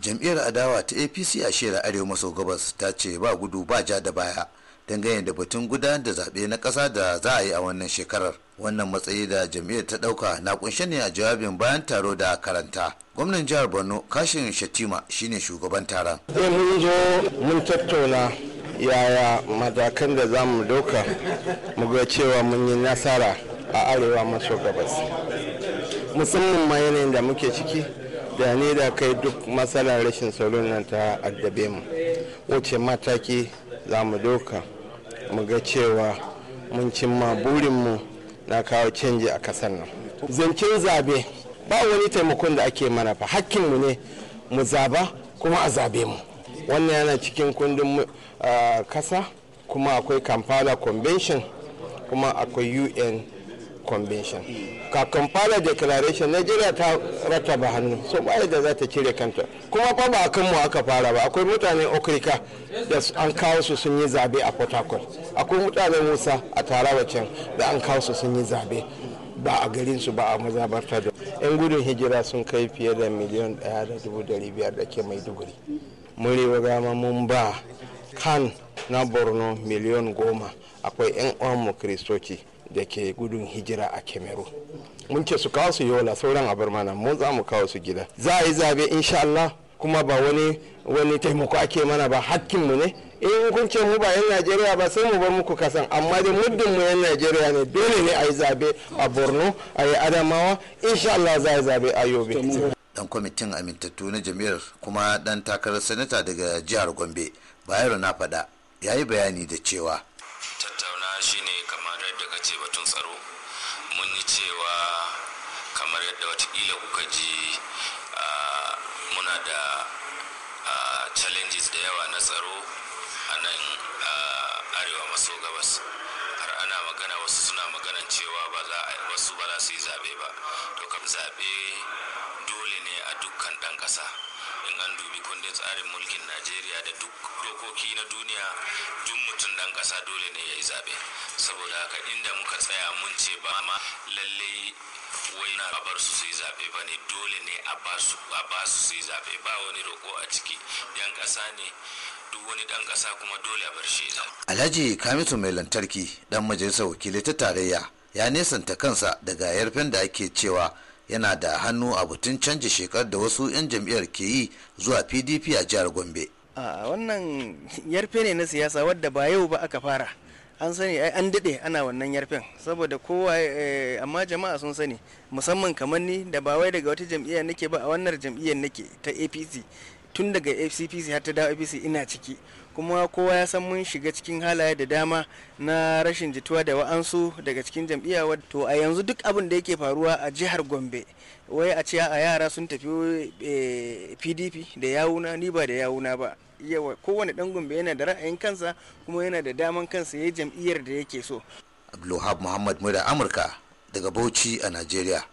jam'iyyar adawa ta apc a shera arewa maso gabas ta ce ba gudu ba ja da baya dangane da batun gudanar da zaɓe na ƙasa da za a yi a wannan shekarar wannan matsayi da jam'iyyar ta ɗauka na kunshe ne a jawabin bayan taro da karanta gwamnan jihar borno kashin shatima shine shugaban taron mun zo mun tattauna yaya matakan da za mu ɗauka mu ga cewa mun yi nasara a arewa maso gabas musamman ma yanayin da muke ciki da ne da kai duk matsalar rashin tsaron nan ta addabe mu wuce mataki za mu doka mu ga cewa mun cimma burinmu na kawo canji a kasar nan zancen zabe ba wani taimakon da ake mana fa mu ne mu zaba kuma a zabe mu wannan yana cikin kundin kasa ah, kuma akwai kampala convention kuma akwai un convention ka kampala declaration najeriya ta rata ba hannu so ba da za ta cire kanta kuma fa ba kanmu aka fara ba akwai mutane okrika da an kawo su sun yi zabe a port harcourt akwai mutanen musa a tarawa can da an kawo su sun yi zabe ba a garin su ba a mazabarta da yan gudun hijira sun kai fiye da miliyan ɗaya da dubu dari biyar da ke maiduguri murewa gama mun ba kan na borno miliyan goma akwai 'yan uwanmu kristoci da ke gudun hijira a cameroon mun ce su kawo su yola sauran a bar mana mun za mu kawo su gida za a yi zabe insha kuma ba wani wani taimako ake mana ba hakkinmu ne eh, in kun ce mu ba 'yan najeriya ba sai mu bar muku kasan amma da muddin mu 'yan najeriya ne dole ne a yi zabe a borno a yi adamawa insha za a yi zabe a yobe dan kwamitin amintattu na jami'ar kuma dan takarar sanata daga jihar gombe bayero na faɗa ya yi bayani da cewa tattauna shi aka ce batun tsaro mun yi cewa kamar yadda watakila kuka ji muna da challenges da yawa na tsaro a nan arewa maso gabas har ana magana wasu suna magana cewa ba za a wasu ba za su yi zaɓe ba to kam zaɓe dole ne a dukkan ɗan ƙasa in an kundin tsarin mulkin najeriya da duk dokoki na duniya duk mutum dan kasa dole ne ya yi zaɓe saboda haka inda muka tsaya mun ce ba ma lalle wai na bar su su yi zaɓe ba ne dole ne a ba su su yi zaɓe ba wani roƙo a ciki yan ƙasa ne duk wani dan ƙasa kuma dole a bar shi ya alhaji kamitu mai lantarki dan majalisar wakilai ta tarayya ya nesanta kansa daga yarfen da ake cewa yana da hannu a butun canja shekar da wasu 'yan jam'iyyar ke yi zuwa pdp a jihar gombe a wannan yarfe ne na siyasa wadda ba yau ba aka fara an sani ai an daɗe ana wannan yarfen saboda kowa eh, amma jama'a sun sani musamman kamar ni da ba wai daga wata jam'iyya nake ba a wannan jam'iyyar nake ta apc tun daga fcpc har ta dawo apc ina ciki kuma kowa ya san mun shiga cikin halaye da dama na rashin jituwa da wa'ansu daga cikin jam'iyya wato a yanzu duk abin da yake faruwa a jihar gombe wai a ce a yara sun tafi pdp e, da yawuna ni ba da yawuna ba yawa kowane dan gombe yana da ra'ayin kansa kuma yana da daman kansa ya jam'iyyar da yake so abdulwahab muhammad muda amurka daga bauchi a najeriya